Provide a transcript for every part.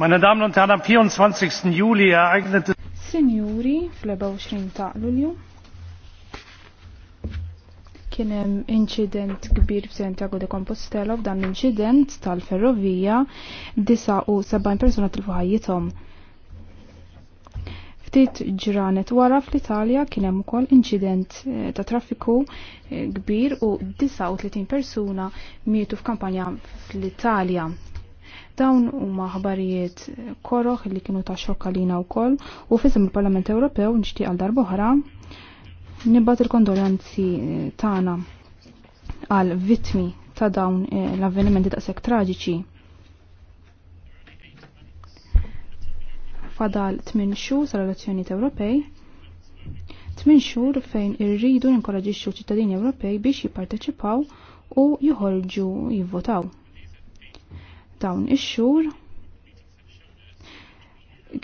Meine Damen und Herren, am 24. Juli ereignete Sinjuri, fl-24 ta' Lulju, kien hemm incident kbir f'Santiago de Compostela f'dan l-inċident tal-ferrovija 79 persuna tilfu ħajjithom. Ftit ġranet wara fl-Italja kien hemm ukoll incident eh, ta' traffiku eh, kbir u 39 persuna mietu f'kampanja fl-Italja. Dawn huma aħbarijiet koroħ li kienu ta' xokkalina wkoll u fisem il-Parlament Ewropew nixtieq għal darboħra, nibgħat il-kondolenzi tagħna għal vittmi ta' dawn eh, l-avvenimenti daqshekk traġiċi. Fadal 8 xhur sal-elezzjonijiet Ewropej 8 xhur fejn irridu ninkoraġixxu ċittadini Ewropej biex jipparteċipaw u jħorġu jivvotaw dawn ix-xhur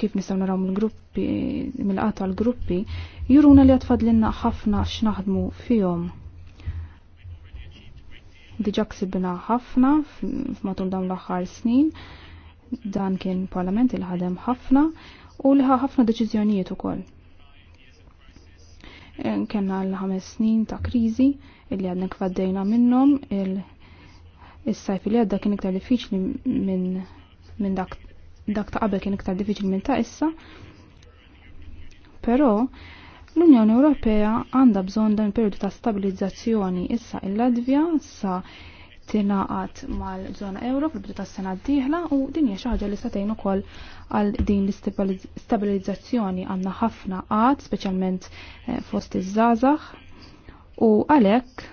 kif nistgħu naraw mill-gruppi mill-qata l-gruppi juruna li għatfadlinna ħafna x'naħdmu fihom. Diġà ksibna ħafna f'matul dawn l-aħħar snin dan kien parlament il ħadem ħafna u liħa ħafna deċiżjonijiet ukoll Kenna l-ħames snin ta' kriżi illi għadna kfaddejna minnhom il Is-sajf li għadda kien iktar diffiċli minn min dak, dak ta' qabel kien iktar diffiċli minn ta' issa. Però l-Unjoni Ewropea għandha bżonn dan periodu ta' stabilizzazzjoni issa il ladvja sa tinaqat mal-żona euro fil-bidu tas-sena d-dieħla u din hija xi ħaġa li statejn ukoll għal din l istabilizzazzjoni għandna ħafna qatt, speċjalment eh, fost iż-żgħażagħ u għalhekk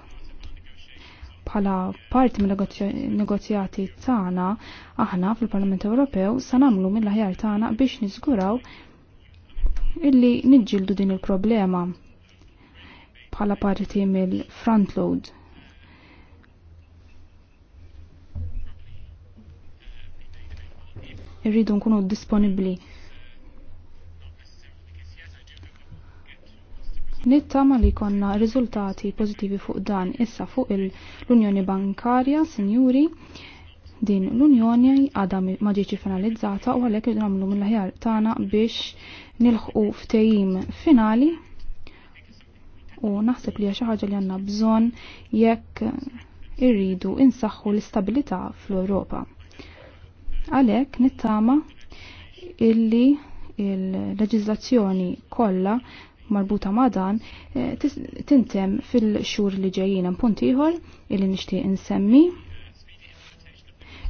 bħala parti mill-negozjati tagħna aħna fil-Parlament Ewropew sa nagħmlu mill-aħjar tagħna biex niżguraw illi niġġildu din il-problema bħala parti mill frontload Irridu nkunu disponibbli Nittama li konna riżultati pozitivi fuq dan issa fuq l-Unjoni Bankarja, Sinjuri, din l-Unjoni għadha ma ġietx finalizzata u għalhekk irdu nagħmlu mill-aħjar tagħna biex nilħqu ftehim finali u naħseb li xi ħaġa li għandna bżonn jekk irridu insaħħu l-istabilità fl-Ewropa. Għalhekk nittama illi il-leġizlazzjoni kollha marbuta ma' dan eh, tintem fil-xhur li ġejjin punt ieħor illi nixtieq insemmi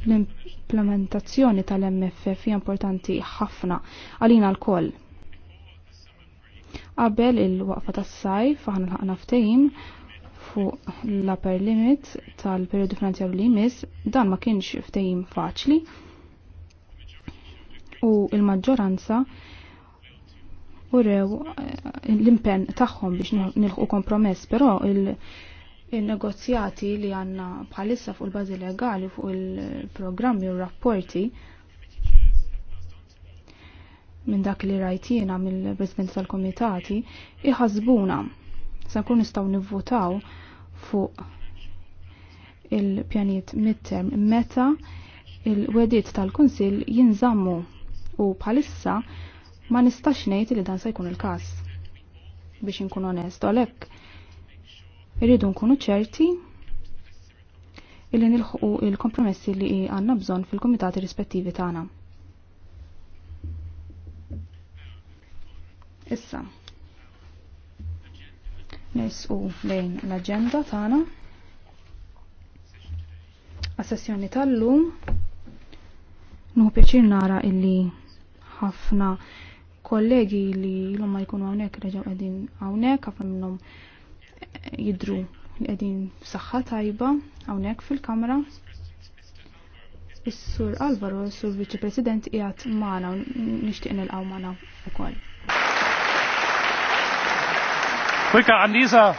l-implementazzjoni tal-MFF hija importanti ħafna għalina l-koll. Qabel il-waqfa tas-sajf aħna lħaqna ftehim fuq l-upper limit tal-periodu finanzjarju li jmiss dan ma kienx ftehim faċli u il-maġġoranza u rew eh, l-impen tagħhom biex nilħu kompromess, però il-negozjati li għanna bħalissa fuq il-bażi legali fuq il-programmi u rapporti minn dak li rajtina mill-President tal-Komitati iħasbuna se nkun nistgħu nivvotaw fuq il-pjaniet midterm meta il-wedit tal-Kunsill jinżammu u bħalissa ma nistax ngħid li dan se jkun il-każ. Biex inkun onest, għalhekk irridu nkunu ċerti illi nilħu il-kompromessi li għanna bżon fil-komitati rispettivi tagħna. Issa. Nisqu lejn l-agenda tagħna. Għas-sessjoni tal-lum. Nuħu pjaċir nara illi ħafna kollegi li l-umma jkunu għawnek reġaw għedin għawnek għafna minnom jidru għedin saħħa tajba għawnek fil-kamra. Is-sur Alvaro, sur viċi president jgħat maħna, nishtiq l għaw maħna u koll. Drücke an dieser,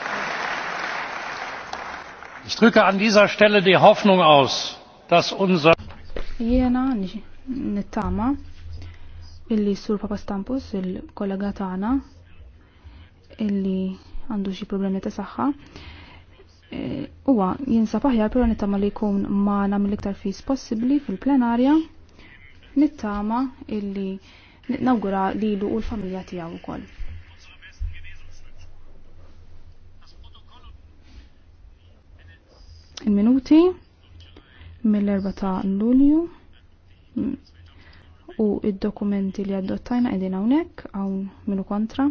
ich drücke an dieser Stelle die Hoffnung aus, dass unser Jena nittama illi sur Papa Stampus, il-kollega tagħna illi għandu xi problemi ta' saħħa. E, huwa jinsab aħjar però nittama li jkun ma nagħmel iktar fis possibbli fil-plenarja nittama illi nawgura lu u l-familja tiegħu wkoll. Il-minuti mill erba ta' Lulju u id-dokumenti li għaddottajna għedin hawnhekk hawn minu kontra.